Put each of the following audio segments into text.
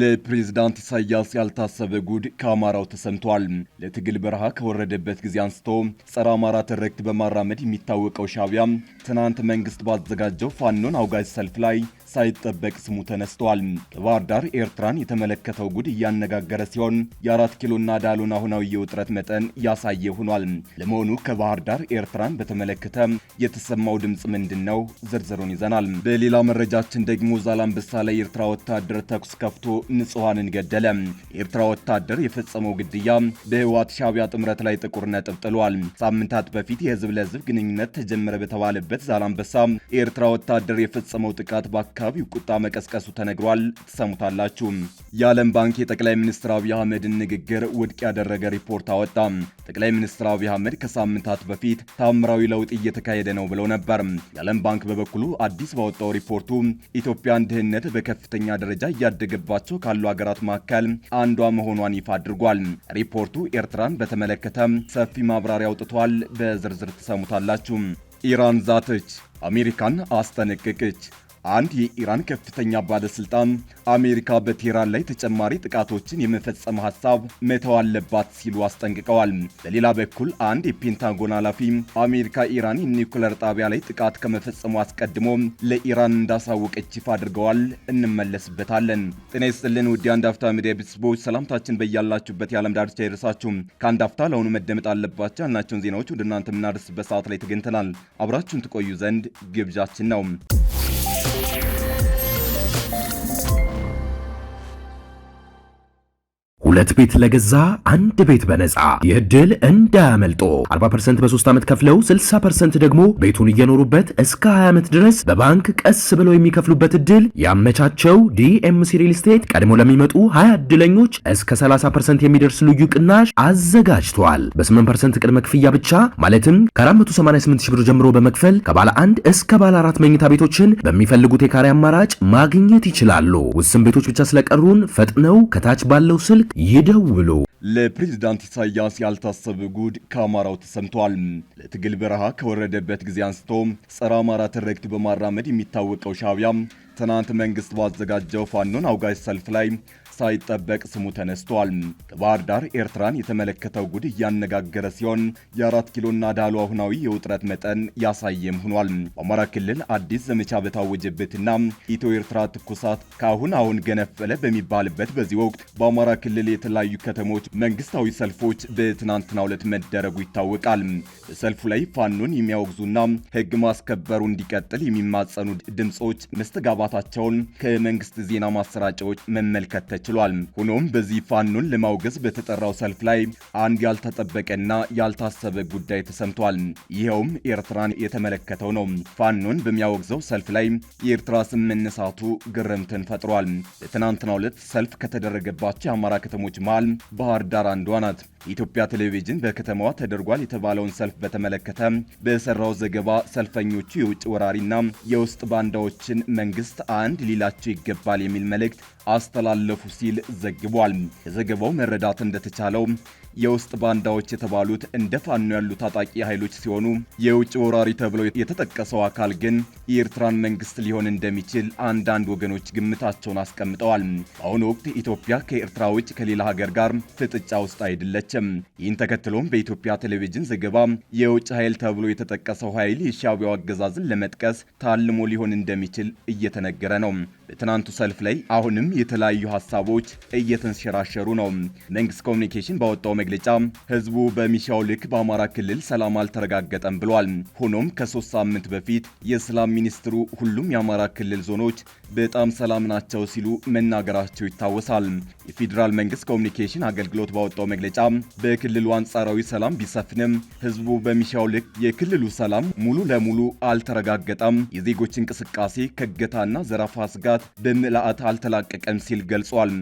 ለፕሬዝዳንት ኢሳያስ ያልታሰበ ጉድ ከአማራው ተሰምቷል። ለትግል በረሃ ከወረደበት ጊዜ አንስቶ ጸረ አማራ ትርክት በማራመድ የሚታወቀው ሻቢያ ትናንት መንግስት ባዘጋጀው ፋኖን አውጋጅ ሰልፍ ላይ ሳይጠበቅ ስሙ ተነስቷል። ከባህር ዳር ኤርትራን የተመለከተው ጉድ እያነጋገረ ሲሆን የአራት ኪሎና ዳሎን አሁናዊ የውጥረት መጠን ያሳየ ሆኗል። ለመሆኑ ከባህር ዳር ኤርትራን በተመለከተ የተሰማው ድምፅ ምንድን ነው? ዝርዝሩን ይዘናል። በሌላ መረጃችን ደግሞ ዛላምበሳ ላይ የኤርትራ ወታደር ተኩስ ከፍቶ ንጹሐንን ገደለ። የኤርትራ ወታደር የፈጸመው ግድያ በህወሓት ሻቢያ ጥምረት ላይ ጥቁር ነጥብ ጥሏል። ሳምንታት በፊት የህዝብ ለህዝብ ግንኙነት ተጀመረ በተባለበት ዛላንበሳ፣ የኤርትራ ወታደር የፈጸመው ጥቃት በአካባቢው ቁጣ መቀስቀሱ ተነግሯል። ትሰሙታላችሁ። የዓለም ባንክ የጠቅላይ ሚኒስትር አብይ አህመድን ንግግር ውድቅ ያደረገ ሪፖርት አወጣ። ጠቅላይ ሚኒስትር አብይ አህመድ ከሳምንታት በፊት ታምራዊ ለውጥ እየተካሄደ ነው ብለው ነበር። የዓለም ባንክ በበኩሉ አዲስ ባወጣው ሪፖርቱ ኢትዮጵያን ድህነት በከፍተኛ ደረጃ እያደገባቸው በውስጣቸው ካሉ ሀገራት መካከል አንዷ መሆኗን ይፋ አድርጓል። ሪፖርቱ ኤርትራን በተመለከተ ሰፊ ማብራሪያ አውጥቷል። በዝርዝር ትሰሙታላችሁ። ኢራን ዛተች፣ አሜሪካን አስጠነቀቀች። አንድ የኢራን ከፍተኛ ባለስልጣን አሜሪካ በቴህራን ላይ ተጨማሪ ጥቃቶችን የመፈጸም ሀሳብ መተው አለባት ሲሉ አስጠንቅቀዋል። በሌላ በኩል አንድ የፔንታጎን ኃላፊ አሜሪካ ኢራን የኒውክለር ጣቢያ ላይ ጥቃት ከመፈጸሙ አስቀድሞ ለኢራን እንዳሳወቀች ይፋ አድርገዋል። እንመለስበታለን። ጤና ይስጥልን ውድ የአንድ አፍታ ሚዲያ ቤተሰቦች፣ ሰላምታችን በያላችሁበት የዓለም ዳርቻ ይድረሳችሁ። ከአንድ አፍታ ለአሁኑ መደመጥ አለባቸው ያልናቸውን ዜናዎች ወደ እናንተ የምናደርስበት ሰዓት ላይ ተገኝተናል። አብራችሁን ትቆዩ ዘንድ ግብዣችን ነው። ሁለት ቤት ለገዛ አንድ ቤት በነፃ ይህ እንዳያመልጦ 40% በ3 ዓመት ከፍለው 60% ደግሞ ቤቱን እየኖሩበት እስከ 20 ዓመት ድረስ በባንክ ቀስ ብለው የሚከፍሉበት እድል ያመቻቸው ዲኤምሲ ሪል ስቴት ቀድሞ ለሚመጡ 20 እድለኞች እስከ 30% የሚደርስ ልዩ ቅናሽ አዘጋጅቷል። በ8% ቅድመ ክፍያ ብቻ ማለትም ከ488 ሺህ ብር ጀምሮ በመክፈል ከባለ አንድ እስከ ባለ አራት መኝታ ቤቶችን በሚፈልጉት የካሬ አማራጭ ማግኘት ይችላሉ። ውስን ቤቶች ብቻ ስለቀሩን ፈጥነው ከታች ባለው ስልክ ይደውሉ። ለፕሬዚዳንት ኢሳያስ ያልታሰበ ጉድ ከአማራው ተሰምቷል። ለትግል በረሃ ከወረደበት ጊዜ አንስቶ ጸረ አማራ ትርክት በማራመድ የሚታወቀው ሻቢያ ትናንት መንግስት ባዘጋጀው ፋኖን አውጋጅ ሰልፍ ላይ ሳይጠበቅ ስሙ ተነስቷል። ከባህር ዳር ኤርትራን የተመለከተው ጉድ እያነጋገረ ሲሆን የአራት ኪሎና ዳሉ አሁናዊ የውጥረት መጠን ያሳየም ሆኗል። በአማራ ክልል አዲስ ዘመቻ በታወጀበትና ኢትዮ ኤርትራ ትኩሳት ከአሁን አሁን ገነፈለ በሚባልበት በዚህ ወቅት በአማራ ክልል የተለያዩ ከተሞች መንግስታዊ ሰልፎች በትናንትናው ዕለት መደረጉ ይታወቃል። በሰልፉ ላይ ፋኖን የሚያወግዙና ህግ ማስከበሩ እንዲቀጥል የሚማጸኑ ድምፆች መስተጋባታቸውን ከመንግስት ዜና ማሰራጫዎች መመልከት ተችሏል። ችሏል። ሆኖም በዚህ ፋኖን ለማውገዝ በተጠራው ሰልፍ ላይ አንድ ያልተጠበቀና ያልታሰበ ጉዳይ ተሰምቷል። ይኸውም ኤርትራን የተመለከተው ነው። ፋኖን በሚያወግዘው ሰልፍ ላይ የኤርትራ ስም መነሳቱ ግርምትን ፈጥሯል። በትናንትናው ዕለት ሰልፍ ከተደረገባቸው የአማራ ከተሞች መሃል ባህር ዳር አንዷ ናት። የኢትዮጵያ ቴሌቪዥን በከተማዋ ተደርጓል የተባለውን ሰልፍ በተመለከተ በሰራው ዘገባ ሰልፈኞቹ የውጭ ወራሪና የውስጥ ባንዳዎችን መንግስት አንድ ሊላቸው ይገባል የሚል መልእክት አስተላለፉ ሲል ዘግቧል። የዘገባው መረዳት እንደተቻለው የውስጥ ባንዳዎች የተባሉት እንደ ፋኖ ያሉ ታጣቂ ኃይሎች ሲሆኑ የውጭ ወራሪ ተብለው የተጠቀሰው አካል ግን የኤርትራን መንግስት ሊሆን እንደሚችል አንዳንድ ወገኖች ግምታቸውን አስቀምጠዋል። በአሁኑ ወቅት ኢትዮጵያ ከኤርትራ ውጭ ከሌላ ሀገር ጋር ፍጥጫ ውስጥ አይደለችም። ይህን ተከትሎም በኢትዮጵያ ቴሌቪዥን ዘገባ የውጭ ኃይል ተብሎ የተጠቀሰው ኃይል የሻቢያው አገዛዝን ለመጥቀስ ታልሞ ሊሆን እንደሚችል እየተነገረ ነው። በትናንቱ ሰልፍ ላይ አሁንም የተለያዩ ሀሳቦች እየተንሸራሸሩ ነው። መንግስት ኮሚኒኬሽን ባወጣው መግለጫ ህዝቡ በሚሻው ልክ በአማራ ክልል ሰላም አልተረጋገጠም ብሏል። ሆኖም ከሶስት ሳምንት በፊት የሰላም ሚኒስትሩ ሁሉም የአማራ ክልል ዞኖች በጣም ሰላም ናቸው ሲሉ መናገራቸው ይታወሳል። የፌዴራል መንግስት ኮሚኒኬሽን አገልግሎት ባወጣው መግለጫ በክልሉ አንጻራዊ ሰላም ቢሰፍንም ህዝቡ በሚሻው ልክ የክልሉ ሰላም ሙሉ ለሙሉ አልተረጋገጠም፣ የዜጎች እንቅስቃሴ ከገታና ዘረፋ ስጋት በምልአት አልተላቀቀም ሲል ገልጿል።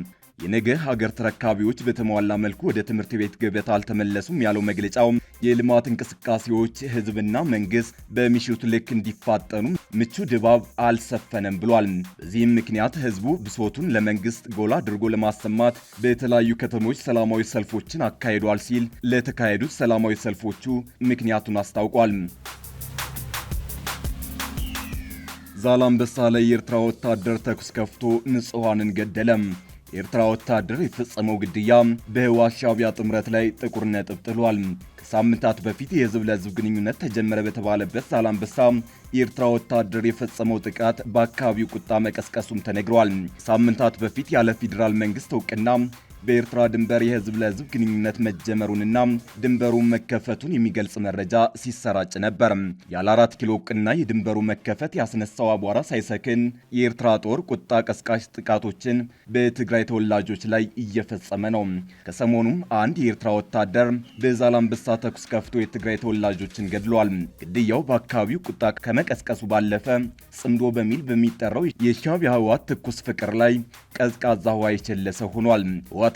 የነገ ሀገር ተረካቢዎች በተሟላ መልኩ ወደ ትምህርት ቤት ገበታ አልተመለሱም ያለው መግለጫው የልማት እንቅስቃሴዎች ህዝብና መንግስት በሚሽቱ ልክ እንዲፋጠኑ ምቹ ድባብ አልሰፈነም ብሏል። በዚህም ምክንያት ህዝቡ ብሶቱን ለመንግስት ጎላ አድርጎ ለማሰማት በተለያዩ ከተሞች ሰላማዊ ሰልፎችን አካሂዷል ሲል ለተካሄዱት ሰላማዊ ሰልፎቹ ምክንያቱን አስታውቋል። ዛላምበሳ ላይ የኤርትራ ወታደር ተኩስ ከፍቶ ንጹሐንን ገደለም። የኤርትራ ወታደር የተፈጸመው ግድያ በህወሓት ሻዕቢያ ጥምረት ላይ ጥቁር ነጥብ ጥሏል። ከሳምንታት በፊት የህዝብ ለህዝብ ግንኙነት ተጀመረ በተባለበት ዛላምበሳ የኤርትራ ወታደር የፈጸመው ጥቃት በአካባቢው ቁጣ መቀስቀሱም ተነግሯል። ከሳምንታት በፊት ያለ ፌዴራል መንግስት እውቅና በኤርትራ ድንበር የህዝብ ለህዝብ ግንኙነት መጀመሩንና ድንበሩ መከፈቱን የሚገልጽ መረጃ ሲሰራጭ ነበር። ያለ አራት ኪሎ ዕውቅና የድንበሩ መከፈት ያስነሳው አቧራ ሳይሰክን የኤርትራ ጦር ቁጣ ቀስቃሽ ጥቃቶችን በትግራይ ተወላጆች ላይ እየፈጸመ ነው። ከሰሞኑም አንድ የኤርትራ ወታደር በዛላምበሳ ተኩስ ከፍቶ የትግራይ ተወላጆችን ገድሏል። ግድያው በአካባቢው ቁጣ ከመቀስቀሱ ባለፈ ጽምዶ በሚል በሚጠራው የሻቢያ ህወሓት ትኩስ ፍቅር ላይ ቀዝቃዛ ውሃ የቸለሰ ሆኗል።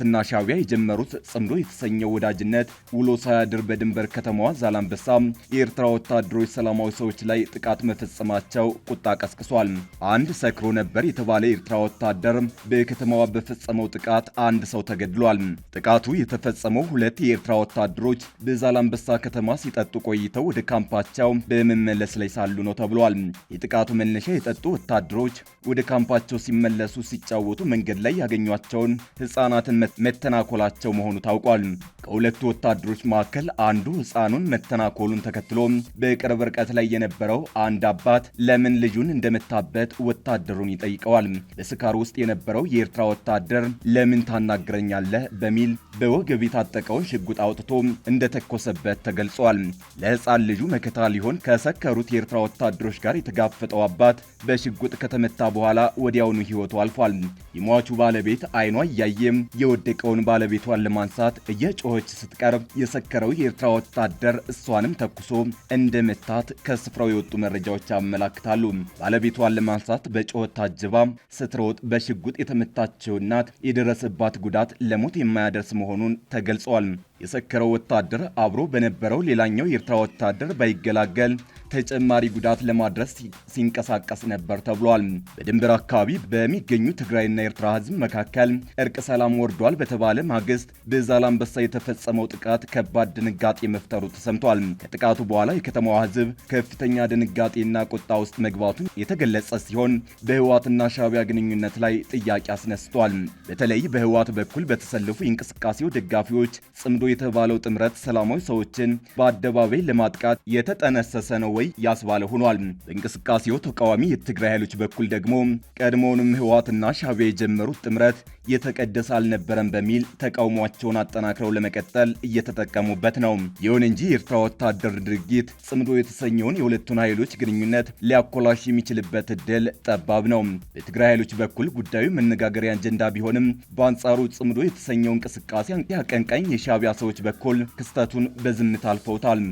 ህወሓትና ሻቢያ የጀመሩት ጽምዶ የተሰኘው ወዳጅነት ውሎ ሳያድር በድንበር ከተማዋ ዛላንበሳ የኤርትራ ወታደሮች ሰላማዊ ሰዎች ላይ ጥቃት መፈጸማቸው ቁጣ ቀስቅሷል። አንድ ሰክሮ ነበር የተባለ የኤርትራ ወታደር በከተማዋ በፈጸመው ጥቃት አንድ ሰው ተገድሏል። ጥቃቱ የተፈጸመው ሁለት የኤርትራ ወታደሮች በዛላንበሳ ከተማ ሲጠጡ ቆይተው ወደ ካምፓቸው በመመለስ ላይ ሳሉ ነው ተብሏል። የጥቃቱ መነሻ የጠጡ ወታደሮች ወደ ካምፓቸው ሲመለሱ ሲጫወቱ መንገድ ላይ ያገኟቸውን ህጻናትን መተናኮላቸው መሆኑ ታውቋል። ከሁለቱ ወታደሮች መካከል አንዱ ህፃኑን መተናኮሉን ተከትሎ በቅርብ ርቀት ላይ የነበረው አንድ አባት ለምን ልጁን እንደመታበት ወታደሩን ይጠይቀዋል። በስካር ውስጥ የነበረው የኤርትራ ወታደር ለምን ታናግረኛለህ በሚል በወገብ የታጠቀውን ሽጉጥ አውጥቶ እንደተኮሰበት ተገልጿል። ለህፃን ልጁ መከታ ሊሆን ከሰከሩት የኤርትራ ወታደሮች ጋር የተጋፈጠው አባት በሽጉጥ ከተመታ በኋላ ወዲያውኑ ህይወቱ አልፏል። የሟቹ ባለቤት አይኗ እያየም የወ የወደቀውን ባለቤቷን ለማንሳት እየጮኸች ስትቀርብ የሰከረው የኤርትራ ወታደር እሷንም ተኩሶ እንደመታት ከስፍራው የወጡ መረጃዎች ያመላክታሉ። ባለቤቷን ለማንሳት በጮኸት ታጅባ ስትሮጥ በሽጉጥ የተመታችው እናት የደረሰባት ጉዳት ለሞት የማያደርስ መሆኑን ተገልጿል። የሰከረው ወታደር አብሮ በነበረው ሌላኛው የኤርትራ ወታደር ባይገላገል ተጨማሪ ጉዳት ለማድረስ ሲንቀሳቀስ ነበር ተብሏል። በድንበር አካባቢ በሚገኙ ትግራይና ኤርትራ ሕዝብ መካከል እርቅ ሰላም ወርዷል በተባለ ማግስት በዛላምበሳ የተፈጸመው ጥቃት ከባድ ድንጋጤ መፍጠሩ ተሰምቷል። ከጥቃቱ በኋላ የከተማዋ ህዝብ ከፍተኛ ድንጋጤና ቁጣ ውስጥ መግባቱን የተገለጸ ሲሆን በህዋትና ሻቢያ ግንኙነት ላይ ጥያቄ አስነስቷል። በተለይ በህዋት በኩል በተሰለፉ የእንቅስቃሴው ደጋፊዎች ጽምዶ የተባለው ጥምረት ሰላማዊ ሰዎችን በአደባባይ ለማጥቃት የተጠነሰሰ ነው ወይ ያስባለ ሆኗል። በእንቅስቃሴው ተቃዋሚ የትግራይ ኃይሎች በኩል ደግሞ ቀድሞውንም ህወሓትና ሻዕቢያ የጀመሩት ጥምረት የተቀደሰ አልነበረም በሚል ተቃውሟቸውን አጠናክረው ለመቀጠል እየተጠቀሙበት ነው። ይሁን እንጂ የኤርትራ ወታደር ድርጊት ጽምዶ የተሰኘውን የሁለቱን ኃይሎች ግንኙነት ሊያኮላሽ የሚችልበት እድል ጠባብ ነው። በትግራይ ኃይሎች በኩል ጉዳዩ መነጋገሪያ አጀንዳ ቢሆንም በአንጻሩ ጽምዶ የተሰኘው እንቅስቃሴ አቀንቃኝ የሻዕቢያ ሰዎች በኩል ክስተቱን በዝምታ አልፈውታል።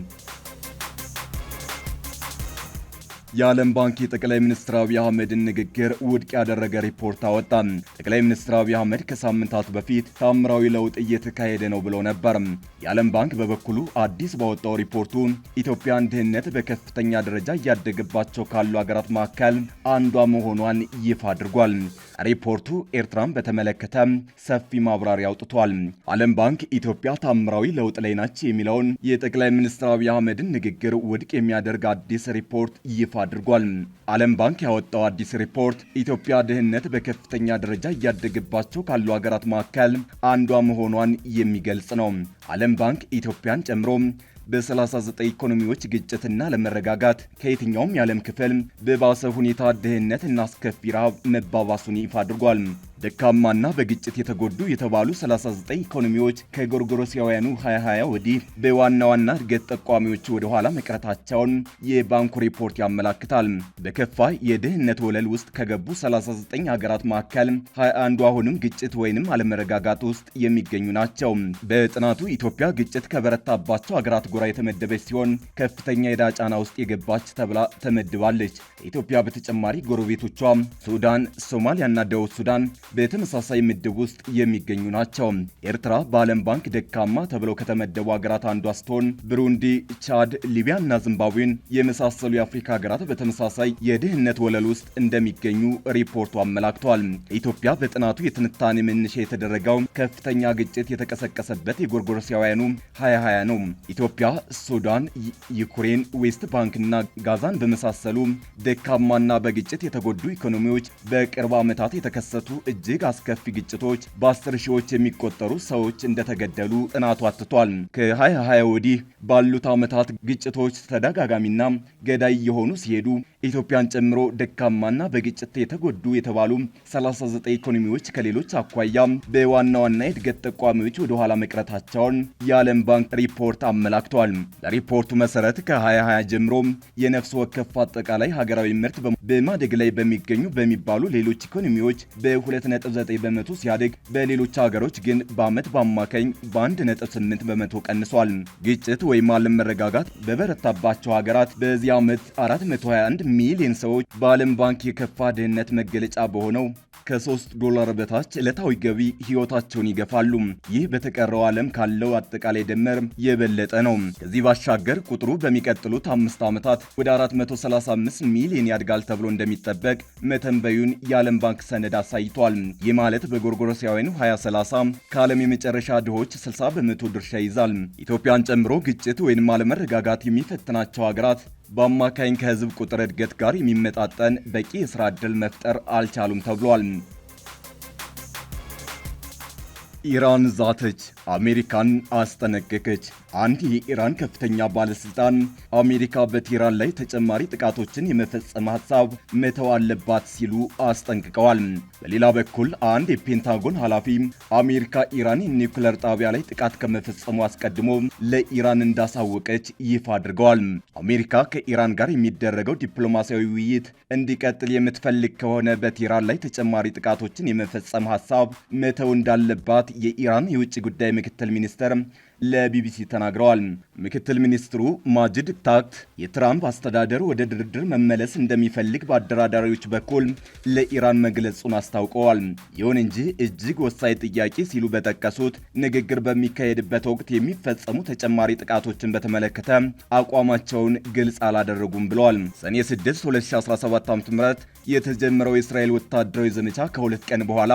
የዓለም ባንክ የጠቅላይ ሚኒስትር አብይ አህመድን ንግግር ውድቅ ያደረገ ሪፖርት አወጣ። ጠቅላይ ሚኒስትር አብይ አህመድ ከሳምንታት በፊት ታምራዊ ለውጥ እየተካሄደ ነው ብለው ነበር። የዓለም ባንክ በበኩሉ አዲስ ባወጣው ሪፖርቱ ኢትዮጵያን ድህነት በከፍተኛ ደረጃ እያደገባቸው ካሉ ሀገራት መካከል አንዷ መሆኗን ይፋ አድርጓል። ሪፖርቱ ኤርትራን በተመለከተ ሰፊ ማብራሪያ አውጥቷል። ዓለም ባንክ ኢትዮጵያ ታምራዊ ለውጥ ላይ ናች የሚለውን የጠቅላይ ሚኒስትር አብይ አህመድን ንግግር ውድቅ የሚያደርግ አዲስ ሪፖርት ይፋ አድርጓል። ዓለም ባንክ ያወጣው አዲስ ሪፖርት ኢትዮጵያ ድህነት በከፍተኛ ደረጃ እያደገባቸው ካሉ ሀገራት መካከል አንዷ መሆኗን የሚገልጽ ነው። ዓለም ባንክ ኢትዮጵያን ጨምሮ በ39 ኢኮኖሚዎች ግጭትና ለመረጋጋት ከየትኛውም የዓለም ክፍል በባሰ ሁኔታ ድህነት እና አስከፊ ረሃብ መባባሱን ይፋ አድርጓል። ደካማና በግጭት የተጎዱ የተባሉ 39 ኢኮኖሚዎች ከጎርጎሮሲያውያኑ 2020 ወዲህ በዋና ዋና እድገት ጠቋሚዎቹ ወደ ኋላ መቅረታቸውን የባንኩ ሪፖርት ያመላክታል። በከፋ የድህነት ወለል ውስጥ ከገቡ 39 ሀገራት መካከል 21ዱ አሁንም ግጭት ወይንም አለመረጋጋት ውስጥ የሚገኙ ናቸው። በጥናቱ ኢትዮጵያ ግጭት ከበረታባቸው ሀገራት ጎራ የተመደበች ሲሆን ከፍተኛ የዕዳ ጫና ውስጥ የገባች ተብላ ተመድባለች። ኢትዮጵያ በተጨማሪ ጎረቤቶቿ ሱዳን፣ ሶማሊያና ደቡብ ሱዳን በተመሳሳይ ምድብ ውስጥ የሚገኙ ናቸው። ኤርትራ በዓለም ባንክ ደካማ ተብለው ከተመደቡ ሀገራት አንዷ ስትሆን ብሩንዲ፣ ቻድ፣ ሊቢያ እና ዚምባብዌን የመሳሰሉ የአፍሪካ ሀገራት በተመሳሳይ የድህነት ወለል ውስጥ እንደሚገኙ ሪፖርቱ አመላክቷል። ኢትዮጵያ በጥናቱ የትንታኔ መነሻ የተደረገው ከፍተኛ ግጭት የተቀሰቀሰበት የጎርጎሮሳውያኑ 2020 ነው። ኢትዮጵያ፣ ሱዳን፣ ዩክሬን፣ ዌስት ባንክ እና ጋዛን በመሳሰሉ ደካማና በግጭት የተጎዱ ኢኮኖሚዎች በቅርብ ዓመታት የተከሰቱ እጅግ አስከፊ ግጭቶች በአስር ሺዎች የሚቆጠሩ ሰዎች እንደተገደሉ ጥናቱ አትቷል። ከ2020 ወዲህ ባሉት ዓመታት ግጭቶች ተደጋጋሚና ገዳይ የሆኑ ሲሄዱ ኢትዮጵያን ጨምሮ ደካማና በግጭት የተጎዱ የተባሉ 39 ኢኮኖሚዎች ከሌሎች አኳያ በዋና ዋና የእድገት ጠቋሚዎች ወደ ኋላ መቅረታቸውን የዓለም ባንክ ሪፖርት አመላክቷል። ለሪፖርቱ መሰረት ከ2020 ጀምሮ የነፍስ ወከፍ አጠቃላይ ሀገራዊ ምርት በማደግ ላይ በሚገኙ በሚባሉ ሌሎች ኢኮኖሚዎች በ2 በ2.9 በመቶ ሲያድግ በሌሎች ሀገሮች ግን በዓመት በአማካኝ በ1.8 በመቶ ቀንሷል። ግጭት ወይም አለመረጋጋት በበረታባቸው ሀገራት በዚህ ዓመት 421 ሚሊዮን ሰዎች በዓለም ባንክ የከፋ ድህነት መገለጫ በሆነው ከ3 ዶላር በታች ዕለታዊ ገቢ ሕይወታቸውን ይገፋሉ። ይህ በተቀረው ዓለም ካለው አጠቃላይ ደመር የበለጠ ነው። ከዚህ ባሻገር ቁጥሩ በሚቀጥሉት አምስት ዓመታት ወደ 435 ሚሊዮን ያድጋል ተብሎ እንደሚጠበቅ መተንበዩን የዓለም ባንክ ሰነድ አሳይቷል። ይገኛል። ይህ ማለት በጎርጎሮሳውያኑ 2030 ከዓለም የመጨረሻ ድሆች 60 በመቶ ድርሻ ይይዛል። ኢትዮጵያን ጨምሮ ግጭት ወይም አለመረጋጋት የሚፈትናቸው ሀገራት በአማካኝ ከህዝብ ቁጥር እድገት ጋር የሚመጣጠን በቂ የሥራ ዕድል መፍጠር አልቻሉም ተብሏል። ኢራን ዛተች። አሜሪካን አስጠነቀቀች። አንድ የኢራን ከፍተኛ ባለስልጣን አሜሪካ በቴህራን ላይ ተጨማሪ ጥቃቶችን የመፈጸም ሀሳብ መተው አለባት ሲሉ አስጠንቅቀዋል። በሌላ በኩል አንድ የፔንታጎን ኃላፊ አሜሪካ ኢራን የኒውክለር ጣቢያ ላይ ጥቃት ከመፈጸሙ አስቀድሞ ለኢራን እንዳሳወቀች ይፋ አድርገዋል። አሜሪካ ከኢራን ጋር የሚደረገው ዲፕሎማሲያዊ ውይይት እንዲቀጥል የምትፈልግ ከሆነ በቴህራን ላይ ተጨማሪ ጥቃቶችን የመፈጸም ሀሳብ መተው እንዳለባት የኢራን የውጭ ጉዳይ ምክትል ሚኒስተር ለቢቢሲ ተናግረዋል። ምክትል ሚኒስትሩ ማጅድ ታክት የትራምፕ አስተዳደር ወደ ድርድር መመለስ እንደሚፈልግ በአደራዳሪዎች በኩል ለኢራን መግለጹን አስታውቀዋል። ይሁን እንጂ እጅግ ወሳኝ ጥያቄ ሲሉ በጠቀሱት ንግግር በሚካሄድበት ወቅት የሚፈጸሙ ተጨማሪ ጥቃቶችን በተመለከተ አቋማቸውን ግልጽ አላደረጉም ብለዋል። ሰኔ 6 2017 ዓ.ም የተጀመረው የእስራኤል ወታደራዊ ዘመቻ ከሁለት ቀን በኋላ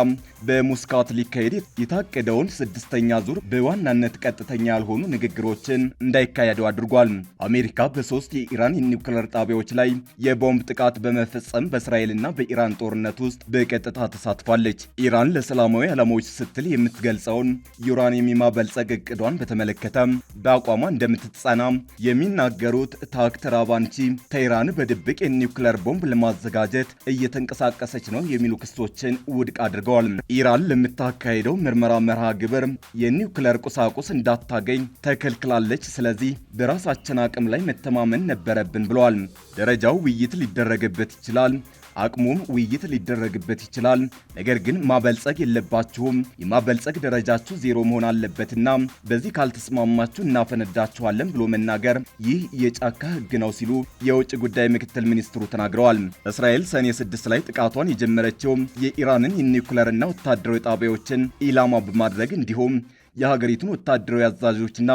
በሙስካት ሊካሄድ የታቀደውን ስድስተኛ ዙር በዋናነት ቀጥተኛ ያልሆኑ ንግግሮችን እንዳይካሄዱ አድርጓል። አሜሪካ በሶስት የኢራን የኒውክለር ጣቢያዎች ላይ የቦምብ ጥቃት በመፈጸም በእስራኤልና በኢራን ጦርነት ውስጥ በቀጥታ ተሳትፋለች። ኢራን ለሰላማዊ ዓላማዎች ስትል የምትገልጸውን ዩራኒየም የማበልጸግ እቅዷን በተመለከተ በአቋሟ እንደምትጸና የሚናገሩት ታክት ራቫንቺ ተኢራን በድብቅ የኒውክለር ቦምብ ለማዘጋጀት እየተንቀሳቀሰች ነው የሚሉ ክሶችን ውድቅ አድርገዋል። ኢራን ለምታካሄደው ምርመራ መርሃ ግብር የኒውክለር ቁሳቁስ እንዳታገኝ ተከልክላለች። ስለዚህ በራሳችን አቅም ላይ መተማመን ነበረብን ብለዋል። ደረጃው ውይይት ሊደረግበት ይችላል አቅሙም ውይይት ሊደረግበት ይችላል። ነገር ግን ማበልጸግ የለባችሁም። የማበልጸግ ደረጃችሁ ዜሮ መሆን አለበትና በዚህ ካልተስማማችሁ እናፈነዳችኋለን ብሎ መናገር ይህ የጫካ ህግ ነው ሲሉ የውጭ ጉዳይ ምክትል ሚኒስትሩ ተናግረዋል። እስራኤል ሰኔ 6 ላይ ጥቃቷን የጀመረችው የኢራንን የኒውክለርና ወታደራዊ ጣቢያዎችን ኢላማ በማድረግ እንዲሁም የሀገሪቱን ወታደራዊ አዛዦችና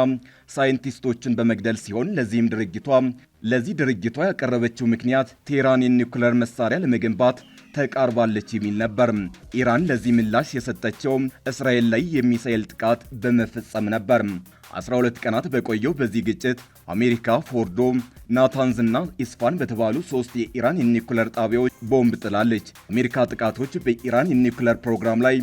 ሳይንቲስቶችን በመግደል ሲሆን ለዚህም ድርጊቷ ለዚህ ድርጊቷ ያቀረበችው ምክንያት ቴህራን የኒውክለር መሳሪያ ለመገንባት ተቃርባለች የሚል ነበር። ኢራን ለዚህ ምላሽ የሰጠችው እስራኤል ላይ የሚሳኤል ጥቃት በመፈጸም ነበር። 12 ቀናት በቆየው በዚህ ግጭት አሜሪካ ፎርዶ፣ ናታንዝ እና ኢስፋን በተባሉ ሶስት የኢራን የኒኩለር ጣቢያዎች ቦምብ ጥላለች። አሜሪካ ጥቃቶች በኢራን የኒኩለር ፕሮግራም ላይ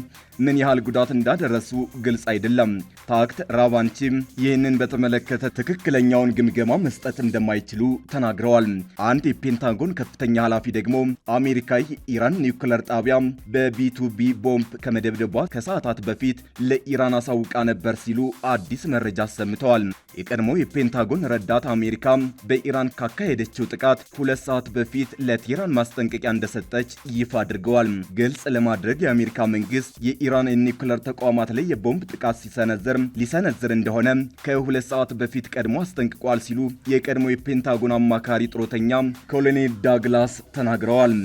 ምን ያህል ጉዳት እንዳደረሱ ግልጽ አይደለም። ታክት ራቫንቺም ይህንን በተመለከተ ትክክለኛውን ግምገማ መስጠት እንደማይችሉ ተናግረዋል። አንድ የፔንታጎን ከፍተኛ ኃላፊ ደግሞ አሜሪካ የኢራን ኒኩለር ጣቢያ በቢቱቢ ቦምብ ከመደብደቧ ከሰዓታት በፊት ለኢራን አሳውቃ ነበር ሲሉ አዲስ መረጃ መረጃ አሰምተዋል። የቀድሞ የፔንታጎን ረዳት አሜሪካ በኢራን ካካሄደችው ጥቃት ሁለት ሰዓት በፊት ለቴህራን ማስጠንቀቂያ እንደሰጠች ይፋ አድርገዋል። ግልጽ ለማድረግ የአሜሪካ መንግስት የኢራን የኒውክለር ተቋማት ላይ የቦምብ ጥቃት ሲሰነዝር ሊሰነዝር እንደሆነ ከሁለት ሰዓት በፊት ቀድሞ አስጠንቅቋል ሲሉ የቀድሞ የፔንታጎን አማካሪ ጡረተኛ ኮሎኔል ዳግላስ ተናግረዋል።